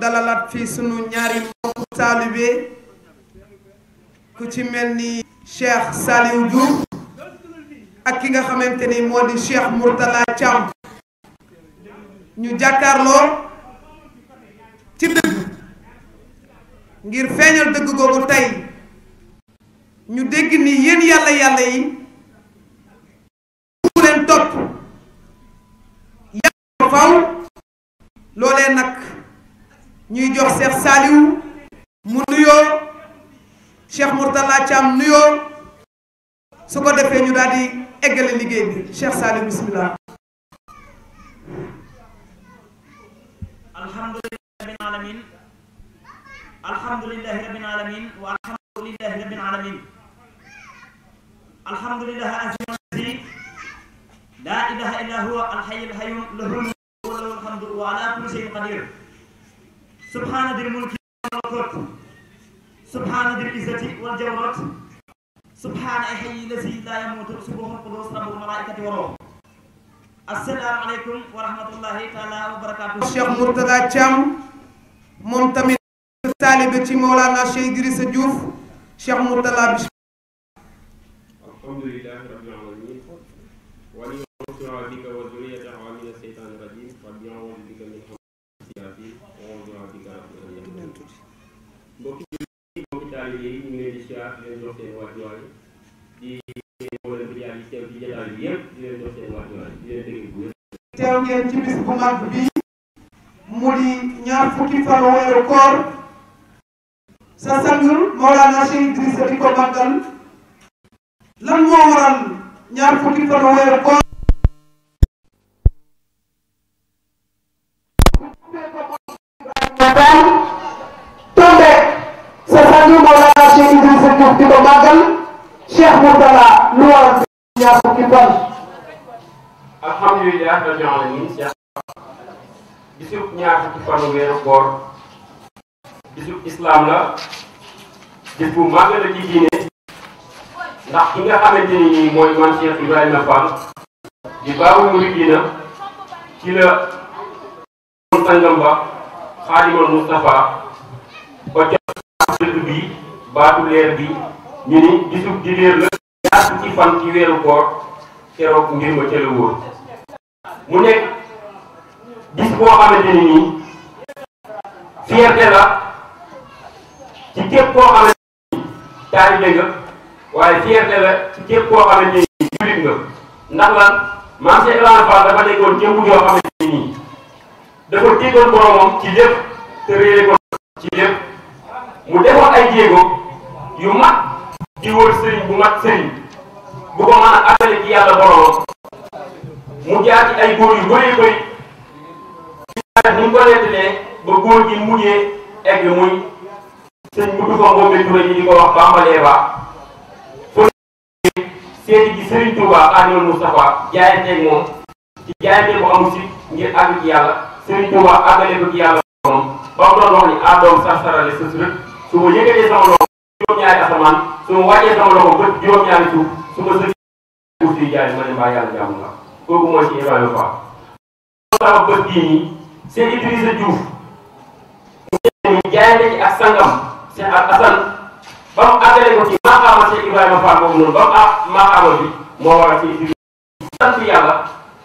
dalalaat fi sunu ñaari mbokk taalibe ku ci mel ni Cheikh Saliou Diouf ak ki nga xamante ni moo di Cheikh Mourtala Thiam ñu jàkkaarloo ci dëgg ngir feeñal dëgg googu tey ñu dégg ni yéen yàlla yàlla yi bu leen topp yàlla faw loolee nag ñuy jox Cheikh Saliou mu nuyo Cheikh murtala cham nuyo su ko defé ñu daldi égalé liggéey bi Cheikh Saliou bismillah alhamdulillahi rabbil alamin alhamdulillahi rabbil alamin wa alhamdulillahi rabbil alamin alhamdulillahi azim la ilaha illa huwa al hayyum lahu al al wa ala kulli shay'in qadir سبحان ذي الملك والملكوت سبحان ذي العزة والجبروت سبحان الحي الذي لا يموت سبحان القدوس رب الملائكة والروح السلام عليكم ورحمة الله تعالى وبركاته الشيخ مرتضى الشام منتمي تشام مولانا tamit taalibe الجوف الشيخ مرتضى Idrissa Diouf Cheikh Mourtala bi alhamdulillahi rabbil alamin jox seen ci jotaay bi bu bi mu di ñaar fukki fan weeru koor sa sangul Mawlana Cheikh Idrissa di ko màggal lan moo waral ñaar fukki fan weeru koor taala luar biasa kiban alhamdulillah rabbil alamin ya bisub ñaar fukki fanu weeru koor bisub islam la bis bu màgg la ci diine ndax ki nga xamante ni mooy man Cheikh Ibrahima Fall di baawu muridina ci la moom sangam ba xaadimal Moustapha ba jot bi baatu leer bi ñu ni bisub dibéer la ci fan ci weeru koor keroog mbir ma ca la mu nekk bis boo xamante ni nii fierté la ci képp koo xamante ni taalibe nga waaye fierté la ci képp koo xamante ni jullit nga ndax lan maam Cheikh Ibrahima Fall dafa nekkoon jëmm joo xamante ni nii dafa tiitoon boromam ci lépp te réere ko ci lépp mu defoon ay jéego yu mat di wër sëriñ bu mat sëriñ bu ko mën a àggale ci yàlla boroom mu jaar ci ay góor yu bëree bëri ci ni mu ko nettalee ba góor gi mujjee egg muy sëñ bu dufa Ngombe Touré ñi di ko wax bambalee ba fële seeti gi Serigne Touba Adil Moustapha jaayanteeg moom ci jaayante bu amul si ngir àgg ci yàlla Serigne Touba àggale ko ci yàlla boroom ba mu doon wax ni adoom sarsarale sës rek su ma yëkkatee sama loxo juróom-ñaari asamaan su ma wàccee sama loxo bët juróom-ñaari suuf su ma dëkk wut di jaay ma ne mbaa yàlla jàmm la kooku mooy ci Ibrahima Fall. sama bët yii nii seen Idrissa Diouf mu ne jaay nañu ak sangam seen ak asan ba mu àggale ko ci maakaama seen Ibrahima Fall boobu noonu ba mu àgg maakaama bi moo war a ci Idrissa sant yàlla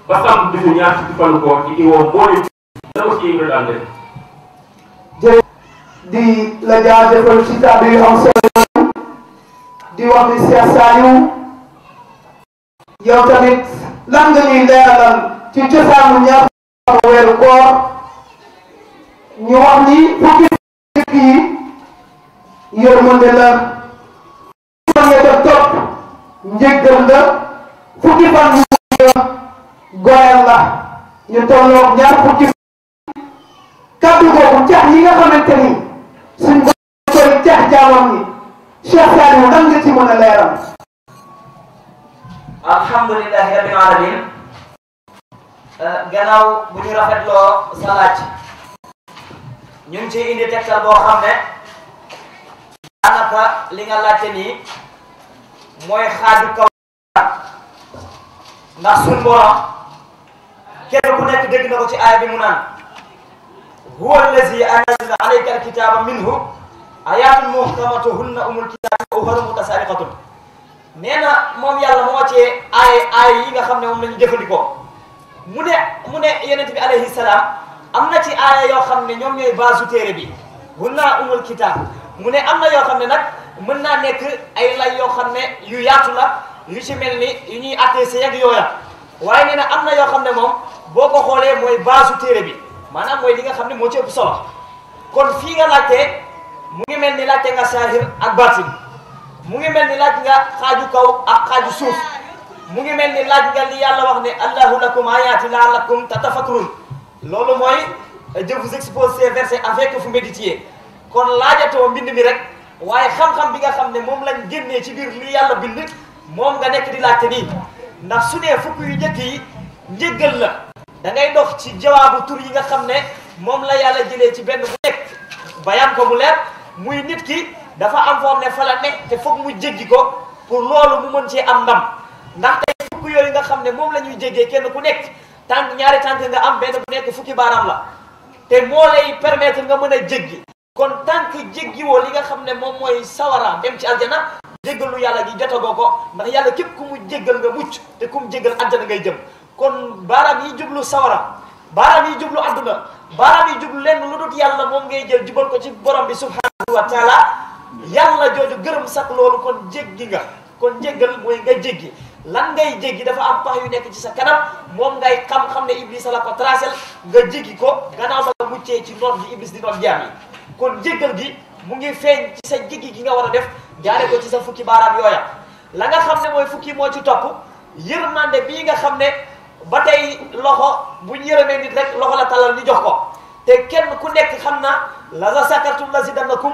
ba sam bisu ñaar fukki fan ko ci iwoo boole la ko ci Ibrahima daan def di la jaajëfal ci kàddu yu am solo di wax ni Cheikh Saliou yow tamit lan nga ñuy leeralal ci cosaanu ñaar weeru koor ñu wax ni fukki fukki yi yërmande la fan ya ca topp njëggal la fukki fan yu goyal la ñu tolloog ñaar fukki kaddu googu cax yi nga xamante ni suñ ko koy cax jaamam ni Cheikh Saliou nan nga ci mën a alhamdulilahi rabbil alamin eh, gannaaw bu ñu rafetloo sa laaj ñu ngi ciy indi tegtal boo li nga laajte nii mooy xaaju kaw ndax suñ ku nekk dégg na ko ci aaya bi mu naan huwa allazi anzala alayka alkitaba minhu ayatun muhkamatuhunna umul kitabi wa uxaru mutasabiqatun nee na moom yàlla moo cee aay aay yi nga xam ne moom la ñu jëfandikoo mu ne mu ne yonent bi alayhi salaam am na ci aaya yoo xam ne ñoom ñooy baasu téere bi hunna umul kitaab mu ne am na yoo xam ne nag mën naa nekk ay lay yoo xam ne yu yaatu la yu ci mel ni yu ñuy attee sa yeg yooya waaye nee am na yoo xam ne moom boo ko xoolee mooy baasu téere bi maanaam mooy li nga xam ne moo ci ëpp solo kon fii nga laajtee mu ngi mel ni laajte nga saahir ak baatin mu ngi mel ni laaj nga xaaju kaw ak xaaju suuf mu ngi mel ni laaj nga li yàlla wax ne allahu lakum ayaati laalakum tatafakkarun loolu mooy je vous expose ces versets avec fu méditier kon laajatoo mbind mi rek waaye xam-xam bi nga xam ne moom lañ génnee ci biir li yàlla bind moom nga nekk di laajte nii ndax su dee fukk yu njëkk yi njëggal la da ngay dox ci jawaabu tur yi nga xam ne moom la yàlla jëlee ci benn bu nekk bayaan ko mu leer muy nit ki dafa am foom ne fa ne te foog mu jéggi ko pour loolu mu mën ci am ndam ndax tey fukk yooyu nga xam ne moom la ñuy jéggee kenn ku nekk tànk ñaari tànk nga am benn bu nekk fukki baaraam la te moo lay permettre nga mën a jéggi kon tànk woo li nga xam ne moom mooy sawara dem ci aljana jéggalu yàlla gi jotagoo ko ndax yàlla képp ku mu nga mucc te ku mu jéggal aljana ngay jëm kon baaraam yi jublu sawara baaraam yi jublu adduna baaraam yi jublu lenn lu dut yàlla moom ngay jël jubal ko ci borom bi subhanahu wa taala yàlla jooju gërëm sax loolu kon jéggi nga kon jéggal mooy nga jéggi lan ngay jéggi dafa am pax yu nekk ci sa kanam moom ngay xam-xam ne Iblis la ko tracel nga jéggi ko gannaaw ba nga muccee ci noon bi Iblis di noon jaam kon jéggal gi mu ngi feeñ ci sa jéggi gi nga war a def jaare ko ci sa fukki baaraam yooya la nga xam ne mooy fukki moo ci topp yërmande bii nga xam ne ba tey loxo bu ñu yërëmee nit rek loxo la talal ñu jox ko te kenn ku nekk xam naa la sa sakartum la si dannakum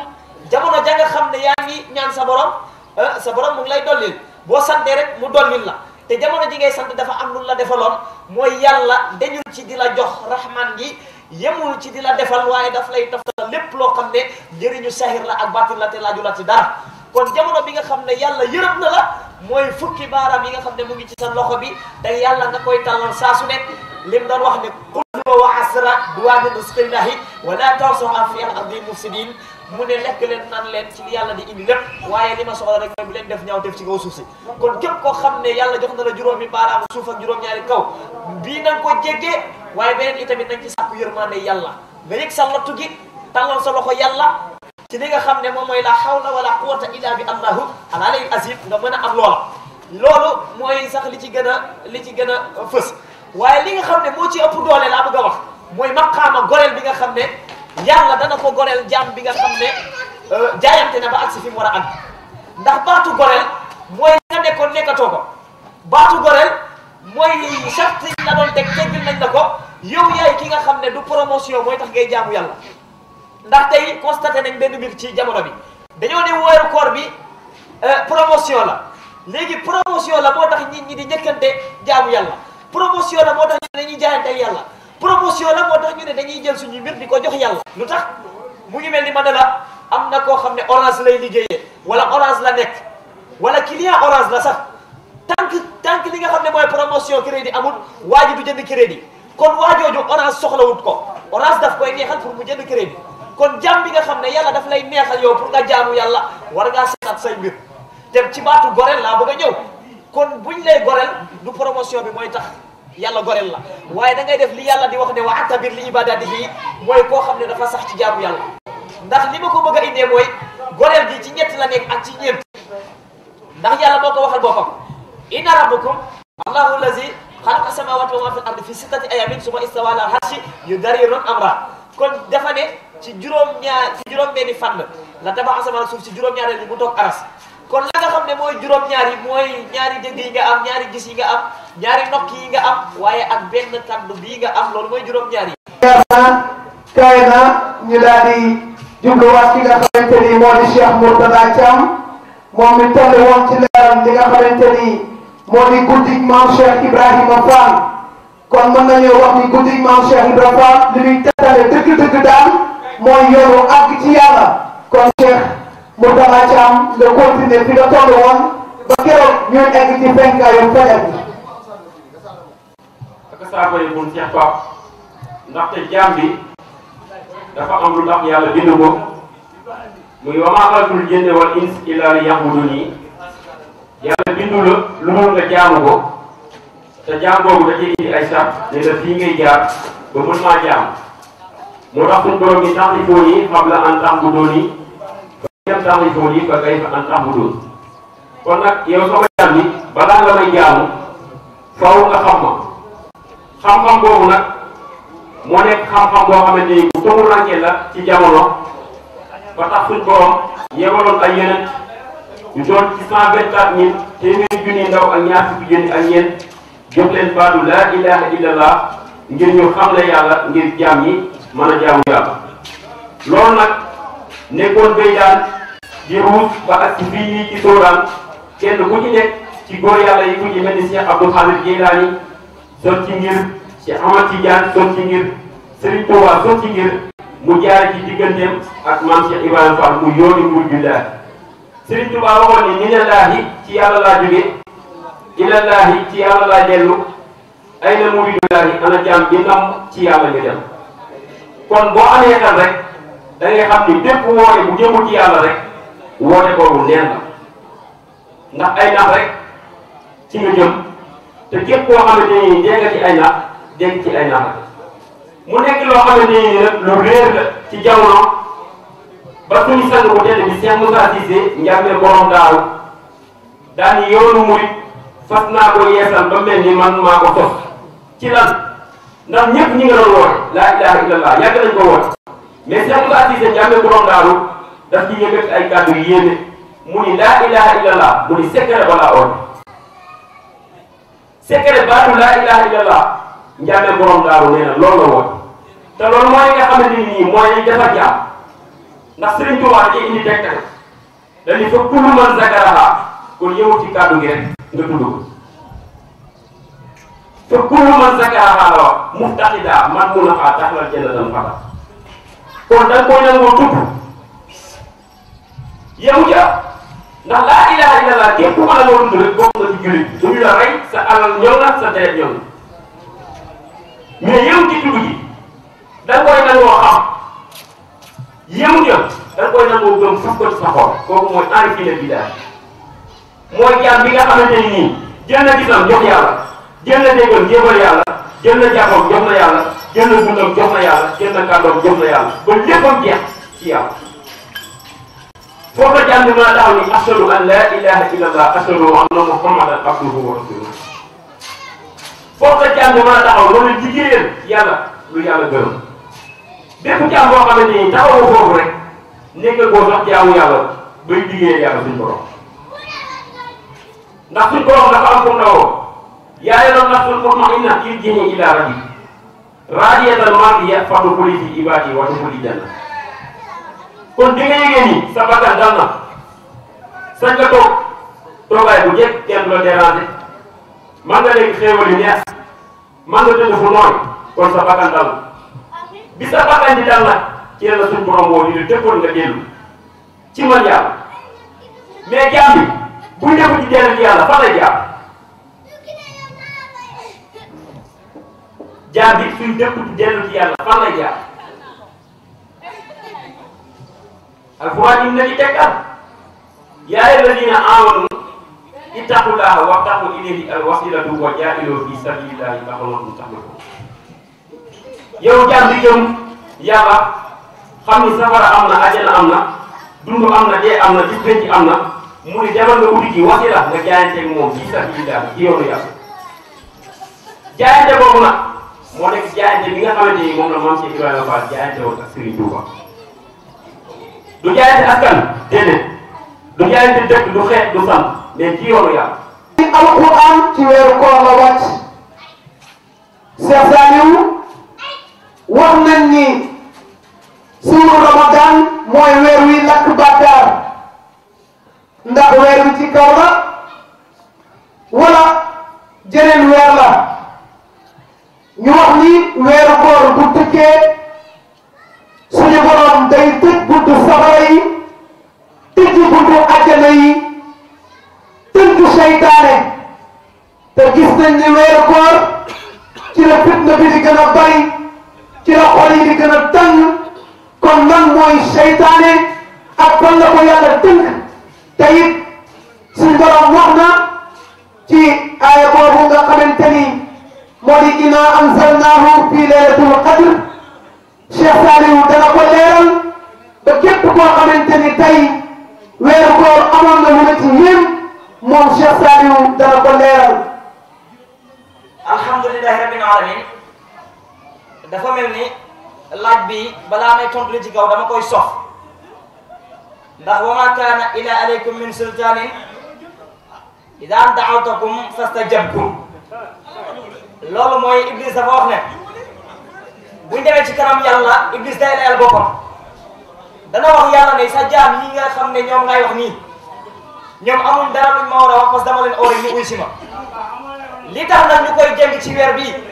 jamono ja nga xamne ne ngi ñaan sa borom eh, sa borom mu ngi lay dolil bo sante rek mu dolil la te jamono ji ngay sante dafa am lu la defalon moy yalla deñul ci dila jox rahman gi yemul ci dila defal waye daf lay toftal lepp lo xamne jeriñu sahir la ak batil la te laaju la ci dara kon jamono bi nga xamne yalla yàlla na la moy fukki baaraam yi nga xamne mu ngi ci sa loxo bi te yalla nga koy tàllal sa su nek lim doon wax ne qul huwa wa asra duwaanin usqillahi wa la tarsuha fi al ardi mufsidin mu ne lekk leen naan leen ci li yàlla di indi lépp waaye li ma soxla rek mooy bu leen def ñaaw def ci kaw suuf si kon képp koo xam ne yàlla jox na la juróomi baaraam suuf ak juróom-ñaari kaw bii na nga ko jéggee waaye beneen itamit nañ ci sàkku yërmande yàlla nga yëg sa lottu gi tàllal sa loxo yàlla ci li nga xam ne moom mooy la hawla wala quwwata illa bi allahu alali azim nga mën a am loola loolu mooy sax li ci gën a li ci gën a fës waaye li nga xam ne moo ci ëpp doole laa bëgg a wax mooy maqaama goreel bi nga xam ne yàlla dana ko goreel jaam bi nga xam ne euh, euh, jaayante na ba agsi fi mu war a am ndax baatu goreel mooy nga nekkoon nekkatoo ko baatu goreel mooy charte yi la doon teg teggil nañ la ko yow yaay ki nga xam ne du promotion mooy tax ngay jaamu yàlla ndax tey constaté nañ benn mbir ci jamono bi dañoo ne weeru koor bi euh, promotion la léegi promotion la moo tax nit ñi di njëkkante jaamu yàlla promotion la moo tax ñi dañuy jaayante yàlla promotion la moo tax ñu ne dañuy jël suñu mbir di ko jox yàlla lu tax mu ngi mel ni ma ne la am na koo xam ne orange lay liggéeyee wala orange la nekk wala client orange la sax tànk tànk li nga xam ne mooy promotion crédit amul waa ji du jënd crédit kon waa jooju soxla soxlawut ko orange daf koy neexal pour mu jënd crédit kon jàmm bi nga xam ne yàlla daf lay neexal yow pour nga jaamu yàlla war ngaa seetaat say mbir te ci baatu gorel laa bëgg a kon buñ lay gorel du bi mooy tax yalla goreel la waye da ngay def li yalla di wax ne wa atabir li ibadatihi moy ko xamne dafa sax ci jaamu yalla ndax li mako bëgg indé moy gorel gi ci ñett la nek ak ci ñeent ndax yalla boko waxal bopam inna rabbukum allahu allazi xalaqa samawati wa ma fi ardi fi sittati ayamin suma istawa ala arshi yudarrirun amra kon dafa ne ci juroom ñaar ci juroom benni fan la tabax sama suuf ci juroom ñaar bi mu tok aras kon la nga xam ne mooy juróom-ñaar yi mooy ñaari dégg yi nga am ñaari gis yi nga am ñaari nokk yi nga am waaye ak benn kaddu bii nga am loolu mooy juróom-ñaar yi. yaakaar na ñu daal di jubluwaat ki nga xamante ni moo di Cheikh Mourtada Thiam moom mi toll woon ci leeram li nga xamante ni moo di guddig maam Cheikh Ibrahima Fall kon mën nañoo wax ni guddig maam Cheikh Ibrahima Fall li muy tëttale dëgg-dëgg daal mooy yoru àgg ci yàlla kon Cheikh moo macam a ci fi nga toll woon ba keroog ñu egg ci fenkaayu fajar bi. ak saako yi mun Cheikh Pape ndaxte jaam bi dafa am lu tax yàlla bind ko muy wa maa xalaqtul jinna wal insa illaa liya'buduni yàlla bindu la lu nga ko te da indi ay sax ne la ngay jaar ba mën tax borom tax an tax bu ta'rifuuni yi fa kayfa an a'buduun kon nag yow sama jaam yi balaa la may jaamu faaw nga xam ma xam-xam boobu nag moo nekk xam-xam boo xamante ni bu tënku rànkee la ci jamono ba tax suñ borom yebaloon ay yeneen ñu doon ci cent vingt quatre mille téeméeri junni ndaw ak ñaar fukki junni ak ñeent jox leen laa ilaha illallah ngir ñu xam la yàlla ngir jaam yi mën a jaamu yàlla loolu nag nekkoon béy daal di ruus ba ak ci ci Sooraan kenn ku ci nekk ci góor yàlla yi ku ci mel ni Cheikh Abdou Khadir Jilani sot ci ngir Cheikh Ahmad Tidiane sot ci ngir Serigne Touba sot ci ngir mu jaar ci digganteem ak maam Cheikh Ibrahima Fall mu yooni mur ju laah Serigne Touba waxoon ne minallaahi ci yàlla laa jógee ilallaahi ci yàlla laa dellu ay na muridullaahi ana jaam bi nam ci yàlla nga dem kon boo amee kan rek da ngay xam ni bépp woore bu jëmul ci yàlla rek woote boobu neen la ndax ay nax rek ci nga jëm te képp koo xamante ni dee ci ay nax dégg ci ay nax la mu nekk loo xamante ni lu réer la ci jamono ba suñu sang bu tedd bi Cheikh Moussa Cissé njàmbee borom daaru daan yoonu murit fas naa ko yeesal ba mel man maa ko sos ci lan ndax ñëpp ñi nga doon woote laa ilaha illallah yàgg nañ ko woote mais Cheikh Moussa Cissé njàmbee borom daaru daf ci yëkkati ay kàddu yéene mu ni laa ilaha illallah mu ni secret ba laa oon secret baatu laa ilaha illallah njàngal borom daaru nee na loolu la woon te loolu mooy nga xamante ni mooy li dafa jaam ndax Serigne Touba ci indi tegtal dañu fa kullu man zakaraha kon yëwul ci kàddu gi rek nga tudd ko te kullu man zakaraha la wax muftaxida man mun a xaar taxalal jënd dañ fata kon da nga koy nangoo tudd yow ja ndax laa ilaha illallah képp ku la loolu rek bokk nga ci jullit suñu la rey sa alal ñëw na sa deret ñëw na mais yow ci dugg ji da koy nangoo xam yow ja da koy nangoo gëm faf ko ci sa xol kooku mooy enrichir bi daal mooy jaam bi nga xamante ni nii jël na gisam jox yàlla jël na déggam jébal yàlla jël na jàppam na yàlla jël na dundam jox na yàlla jël na kàddoom jox na yàlla ba léppam jeex ci yàlla foo ko jàng maa daaw ni ashadu an laa ilaha illa allah ashadu anna muhammadan abduhu wa rasuluhu foo ko jàng maa daaw loolu liggéeyal yàlla lu yàlla gërëm bépp jaam boo xamante ni taxawoo foofu rek nekk koo sax jaamu yàlla bay liggéeyal yàlla suñ borom ndax suñ borom dafa am fu mu dawoo yaa ayyuhan nafsul mutma'inna irji'i ila rabbiki raadiyatan mardiyyatan fadkhuli fi ibadi wa dukhuli janna kon di nga yëgee nii sa bakkan dal na sañ nga toog toogaay bu njëkk kenn du la déranger man nga léegi xéewal yu neex man nga tëdd fu nooy kon sa bakkan bi sa bakkan di dal nag ci la suñu borom woo ñu ne ci man yàlla mais jaam bi bu def ci dellu ci yàlla fan lay jaar jaam bi suñ dëpp ci dellu ci yàlla fan alquran yi mu ne di tekkal yaa alladina amanu ittaqullaha wabtaqu ilayhi alwasilatu wa jaahidu fi sabilillahi la'allakum tahtadun yow jaam bi gëm yàlla xam ni safara am na ajana am na dund am na dee am na di penc am na mu ni demal nga wuti ji wasila nga jaayante moom fi sabilillahi ci yoonu yàlla jaayante boobu nag moo nekk jaayante bi nga xamante ni moom la moom Cheikh Ibrahima Fall jaayante woon ak Serigne Touba du jaayante askan dede iya du jaayante dëkk du xeet du sant mais ci yoonu yàlla. ci alquran ci weeru koor la wàcc Cheikh Saliou wax nañ ni suuru ramadan mooy weer wi lakk bàkkaar ndax weer wi ci kaw la wala jeneen weer la ñu wax ni weeru koor bu tëkkee suñu borom day tëkk. wattu safara yi tëj buntu àjjana yi tënku seytaane te gis nañ ni weeru koor ci la fitna bi di gën a bari ci la xol yi di gën a tàng kon lan mooy seytaane ak ban la ko yàlla tënk te it bi balaa may tontu li ci kaw dama koy sof ndax wa ma kaana ila alaykum min sultaanin idaa da'awtukum fastajabtum loolu mooy Iblis dafa wax ne buñ demee ci kanam yàlla Iblis day boppam dana wax yàlla ne sa jaam yi nga xam ne ñoom ngay wax nii ñoom amul ma war a wax parce que dama leen oore ñu uy li tax nag ñu koy jëng ci weer bii.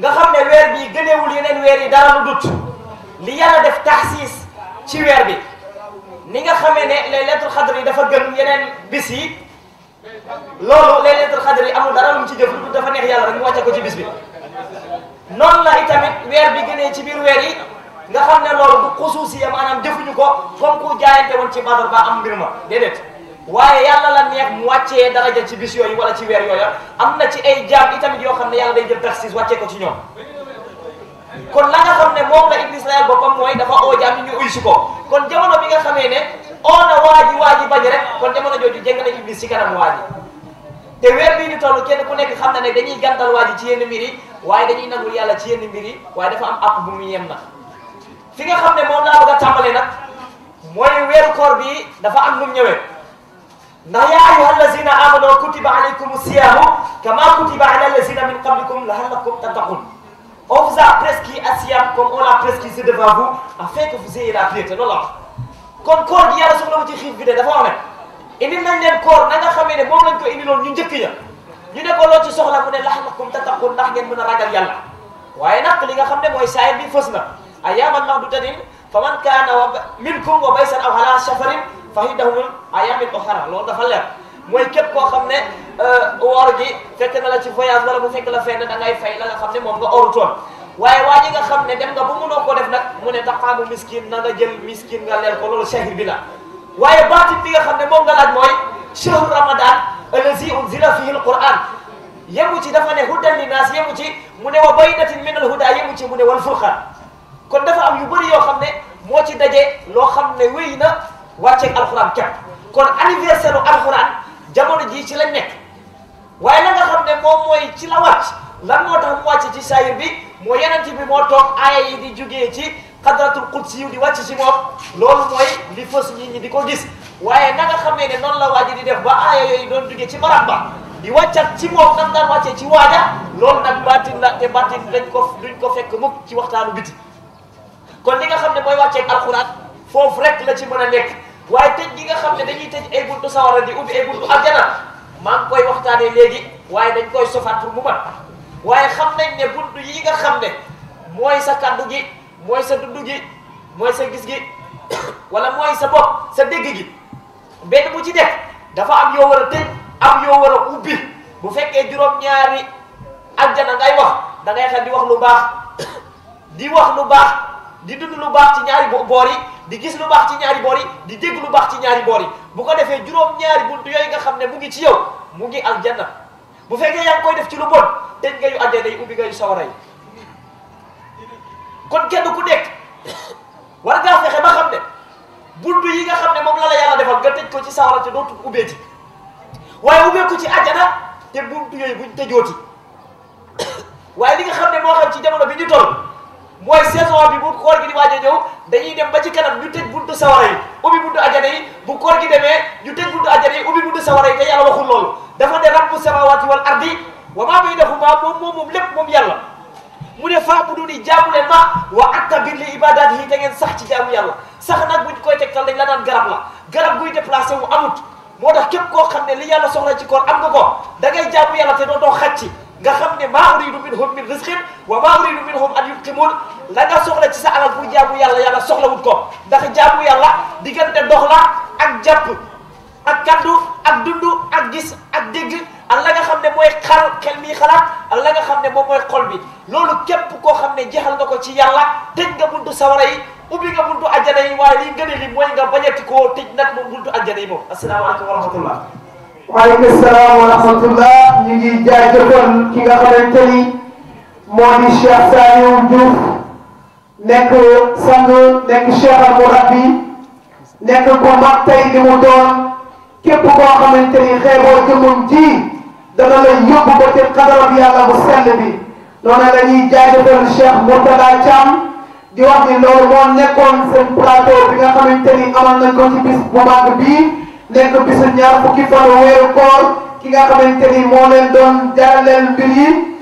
nga xam ne weer bii gëneewul yeneen weer yi dara lu dut li yara def taxsiis ci weer bi ni nga xamee ne laylatul xadr yi dafa gën yeneen bis yi loolu laylatul xadr yi amul dara lu mu ci jëf lu dafa neex yàlla rek mu wàcce ko ci bis bi noonu la itamit weer bi gënee ci biir weer yi nga xam ne loolu bu xusuusiya maanaam jëfuñu ko comme ku jaayante woon ci badar ba am mbir ma déedéet waaye yàlla la neex mu wàccee daraja ci bis yooyu wala ci weer yooya ah. am na ci ay jaam itamit yoo xam ne yàlla day jël taxis wàccee ko ci ñoom kon la nga xam ne moom la iblis layal boppam mooy dafa oo jaam ñu uy si ko kon jamono bi nga xamee ne oo na waaji waaji bañ rek kon jamono jooju jëng na iblis si kanam waaji te weer bii ñu toll kenn ku nekk xam na ne dañuy gàntal waaji ci yenn mbir yi waaye dañuy nangul yàlla ci yenn mbir yi waaye dafa am àpp bu mu na fi nga xam ne moom laa bëgg a tàmbalee nag mooy weeru koor bi dafa am nu mu يا أيها الذين آمنوا كتب عليكم الصيام كما كتب على الذين من قبلكم لعلكم تتقون On vous a prescrit Asiam comme on l'a prescrit devant vous, afin que vous ayez la piété. Non, non. kon koor gi yàlla soxla wu ci xiif bi de dafa wax ne indi nañ leen koor na nga xamee ne moom lañ ko indi loon ñu njëkk ña ñu ne ko loo ci soxla mu ne laxalakum tattaqun ndax ngeen mën a ragal yàlla waaye nag li nga xam ne mooy saayir bi fës na ayaaman mahdudatin fa man kaana minkum wa baysan aw ala safarin fahidahumul ayaamil uxra loolu dafa leer mooy képp koo xam ne euh, woor gi fekk na la ci voyage wala bu fekk la fenn da ngay fay la nga xam ne moom nga orutoon waaye waa ji nga xam ne dem nga bu mënoo ko def nag mu ne taxaamu miskin na nga jël miskin nga leel ko loolu shahir bi la waaye baatin bi nga xam ne moom nga laaj mooy shahru ramadan allazi unzila fihi alquran yemu ci dafa ne hudan linnaas yemu ci mu ne wa baynatin min alhuda yemu ci mu ne wal furqan kon dafa am yu bëri yoo xam ne moo ci daje loo xam ne wéy na wàcceeg alxuraan képp kon anniversaire u alxuraan jamono jii ci la nekk waaye la nga xam ne moom mooy ci la wàcc lan moo tax mu wàcc ci saayir bi moo yenente bi moo toog aaya yi di jógee ci xadratul qudsi yu di wàcc ci moom loolu mooy li fës nit ñi di ko gis waaye na nga xamee ne noonu la waaji di def ba aaya yooyu doon jógee ci maram ba di wàccat ci moom nam daan wàccee ci waaja loolu nag baatin la te baatin dañ ko duñ ko fekk mukk ci waxtaanu biti kon li nga xam ne mooy wàcceeg alxuraan foofu rek la ci mën a nekk waye tej gi nga xamne dañuy tej ay buntu sawara di ubi ay buntu aljana ma ngi koy waxtane legi waye dañ koy sofat pour mu mat waye xam nañ ne buntu yi nga xamne moy sa kaddu gi moy sa dund gi moy sa gis gi wala moy sa bopp sa deg gi benn bu ci def dafa am yo wara tej am yo wara ubi bu fekke juróom-ñaari aljana ngay wax da ngay xel di wax lu bax di wax lu bax di dund lu bax ci ñaari di gis lu baax ci ñaari boor yi di dégg lu baax ci ñaari boor yi bu ko defee juróom-ñaari bunt yooyu nga xam ne mu ngi ci yow mu ngi aljanna bu fekkee yaa ngi koy def ci lu bon tëj nga yu àddee day ubbi nga yu sawara yi kon kenn ku nekk war ngaa fexe ma xam ne bunt yi nga xam ne moom la la yàlla defal nga tëj ko ci sawara te dootul ubbeeti waaye ubbee ko ci àjjana te bunt yooyu buñ tëjooti waaye li nga xam ne moo xam ci jamono bi ñu toll. mooy saison bi bu koor gi di waaj a ñëw dañuy dem ba ci kanam ñu tëj buntu sawara yi ubbi buntu ajjana yi bu koor gi demee ñu tëj buntu ajjana yi ubbi buntu sawara yi te yàlla waxul loolu dafa ne rabbu samawati wal ardi wa maa baynahuma moom moom moom lépp moom yàlla mu ne faa bu du ni leen ma wa aktabir li ibadaat yi te ngeen sax ci jaamu yàlla sax nag buñ koy tegtal dañ la naan garab la garab buy déplacé wu amut moo tax képp koo xam ne li yàlla soxla ci koor am nga ko da ngay jaamu yàlla te la nga soxla ci sa alal pour jaamu yàlla yàlla wut ko ndax jaamu yàlla diggante dox la ak jàpp ak kaddu ak dundu ak gis ak dégg ak la nga xam ne mooy xal xel mi xalaat ak la nga xam ne moom mooy xol bi loolu képp koo xam ne jeexal nga ko ci yàlla tëj nga buntu sawara yi ubbi nga buntu aljana yi waaye li ngeen li mooy nga bañati koo tëj nag moom buntu aljana yi moom asalaamaaleykum wa rahmatullah waaleykum salaam wa rahmatullah ñu ngi jaajëfoon ki nga xamante ni moo di Cheikh Saliou nekk sang nekk cheikh mu rabbi nekk ku mag tey li mu doon képp koo xamante ni xeeboo jëmmum ji dana la yóbbu ko ci xadarab yàlla bu sell bi noonu la ñuy jaajëfal cheikh Mourtada Thiam di wax ni loolu moo nekkoon seen plateau bi nga xamante ni ko ci bis bu mag bii nekk bisu ñaar fukki fanu ki nga xamante ni moo leen doon jaral leen mbir yi